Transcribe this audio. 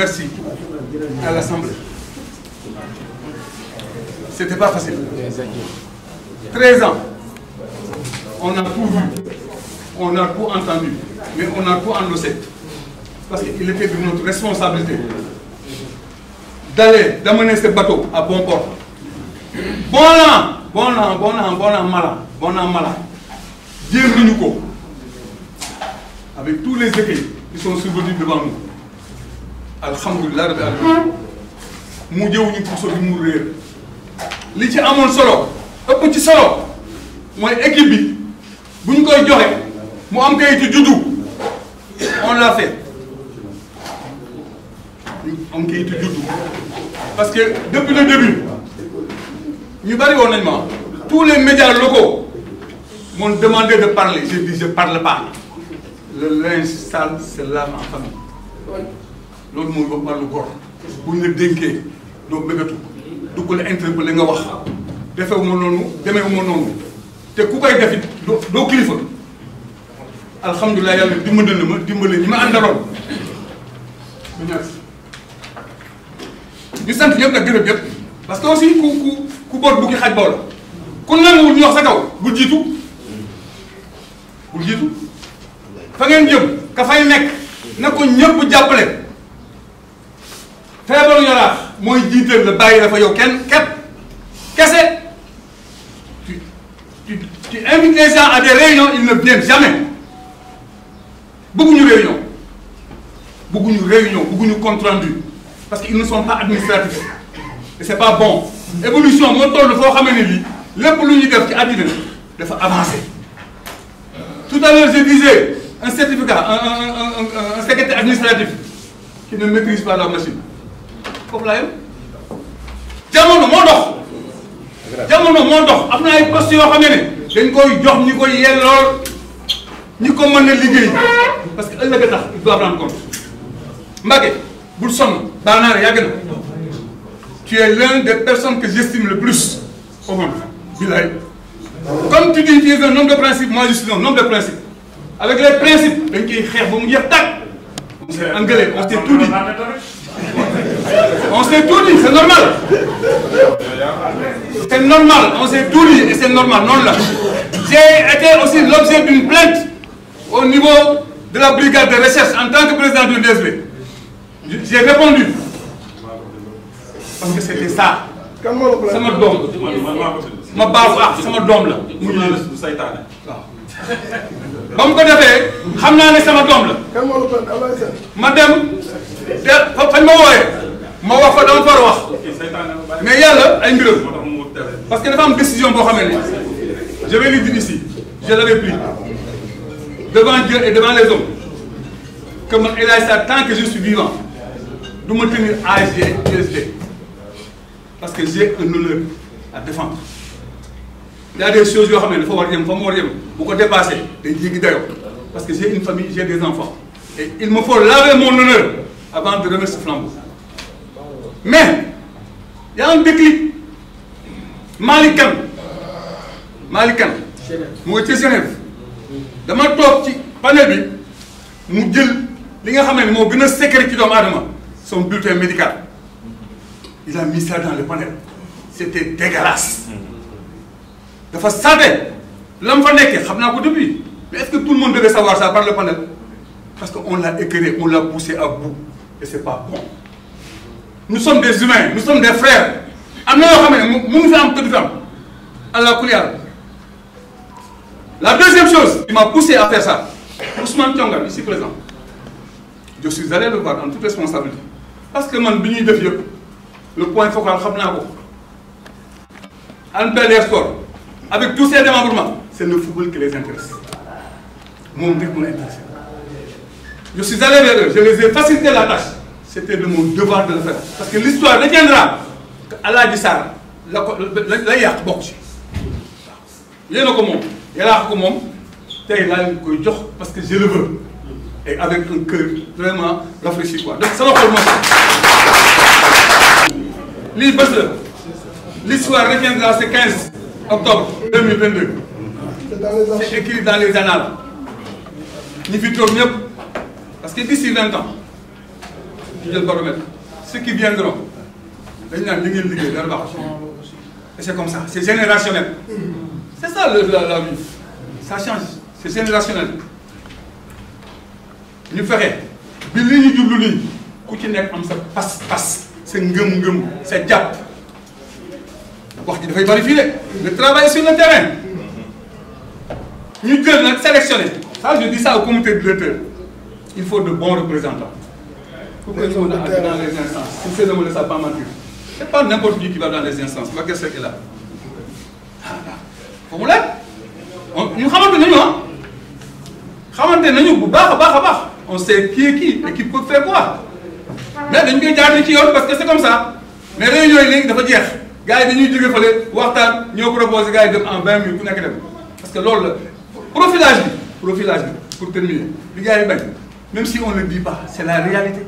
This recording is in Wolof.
merci à l'Assemblée. C'était pas facile. 13 ans. On a tout vu, on a tout entendu, mais on a tout endossé. Parce qu'il était de notre responsabilité d'aller, d'amener ce bateau à bon port. Bon an, bon an, bon an, bon an, mal bon an, mal an. Dieu avec tous les écrits qui sont survenus devant nous. alhamdulilah rabbi alamin mu jëwuñu pour so bi mu li ci amoon solo ëpp ci solo mooy équipe bi bu ñu koy joxe mu am kayitu juddu on l'a fait ñu am kayitu juddu parce que depuis le début ñu bari woon nañ ma tous le médial locaux m'ont demandé de parler j'ai dit je parle pas le linge sale se lave en famille loolu mooy wax wàllu góor buñ la dénkee doo bëggatu du ko la nga wax defewu ma noonu demewu noonu te ku koy defit doo doo kilifa alhamdulilah yàlla dimbali na ma dimbali ñi ma àndaloon ñu ñaar ñu sant ñëpp nag gërëm yëpp parce que aussi ku ku ku boot bukki xaj boola ku nanguwul ñu wax sa kaw bul jiitu bul jiitu fa ngeen jëm ka fay nekk na ko ñëpp jàppale feebaru Yoraaf mooy jiital la bàyyi la fa yow kenn képp kese tu tu tu invites les gens à des réunions ils ne viennent jamais bëgguñu réunion bëgguñu réunion bëgguñu parce que ils ne sont pas administratifs et c'est pas bon évolution moo toll foo xamee ne lii lépp lu ñuy def ci àddina dafa avancé tout à l'heure je disais un certificat un un un un un secrétaire administratif qui ne maîtrise pas la machine. foofu laa yem jamono moo dox jamono moo dox am na ay poste yoo xam ne dañ koy jox ñi ko yellool ñi ko mën a liggéey parce que ëllëg a tax il doit rendre compte Mbacké bul sonn baal naa la yàgg na tu es l'un des personnes que j'estime le plus au monde bilaay comme tu dis tu es un homme de principe moi je suis un de principe avec les principes dañ koy xeex ba mu jeex tàkk en a on s'est tout on s'est tout dit c'est normal c'est normal on s'est tout dit et c'est normal noonu la j'ai été aussi l'objet d'une plainte au niveau de la brigade de recherche en tant président du j'ai répondu parce que c'était ça sama doom ma baalu ak sama doom la mu saytaane ba mu ko defee xam naa ne sama doom la ma de fa fañ ma wooyee ma wax fa dama wax mais yàlla ay mbiram parce que dafa am décision boo xamee ne je vais lui dire ici je l'avais pris devant Dieu et devant les hommes que man Elaj Sarr tant que je suis vivant du ma tenir parce que j'ai un honneur à défendre y a des choses yoo xam ne war a yem fa mu war a yem bu ko dépassé day jéggi parce que j'ai une famille des enfants et il me faut laver mon honneur avant de remettre ce flambeau mais y a un déclic Malick Kane Malick Kane mu toog ci panel bi mu jël li nga xam ne moo gën a secret ci doomu aadama son bulletin médical il a mis ça dans le panel c'était dégueulasse dafa salte la mu fa nekkee xam naa ko depuis mais est-ce que tout le monde devait savoir ça par le panel parce que on l'a éclairé on l'a poussé à bout e c'est pas bon nous sommes des humains nous sommes des frères am na yoo xam ne mënu fi am tëdd fi am allah kulli la deuxième chose qui m'a poussé à faire ça Ousmane Thiongane ici présent je suis allé le voir en toute responsabilité parce que man bi ñuy def yëpp le point focal xam naa ko ANPEL des sports avec tous ses démembrements c'est le football qui les intéresse moom rek mu la intéresse Je suis allé vers je les ai facilité la tâche. C'était de mon devoir de le faire. Parce que l'histoire retiendra que Alaaji la ko la la yàq a ko moom yéen a ko moom tey laa leen koy jox parce que je le veux et avec un vraiment rafraîchi quoi donc sama xol mooy lii bés la l'histoire retiendra ce 15 octobre 2022 c'est écrit dans les annales ñi fi toog ñëpp. parce que d'ici vingt ans ñu jël baromètre qui viendront dañu naan li ngeen liggéey dara baax et c'est la la vie ça change c'est générationnel ñu fexe bi li ñu jublu nii ku ci nekk am sa pas-pas sa ngëm-ngëm sa jàpp wax ji dafay bari fii le travail sur le terrain ñu jël nag sa ça je dis ça au comité directeur il faut de bons représentants. pour que ñu mën a àgg dans les instances pour que ñu mën a pas mentir c' est pas n' importe qui qui va dans les instances Mbacké Seck est là foofu la ñu xamante nañu ah xamante nañu bu baax a baax a baax on sait qui est qui et qui peut faire quoi mais de koy jaarale ci yoon parce que c' est comme ça mais réunion yi léegi dafa jeex gars yi dañuy jóge fële waxtaan ñoo proposé gars yi dem en vingt minutes ku nekk dem parce que loolu la profilage bi profilage bi pour terminer bi gars yi Même si on ne le dit pas, c'est la réalité.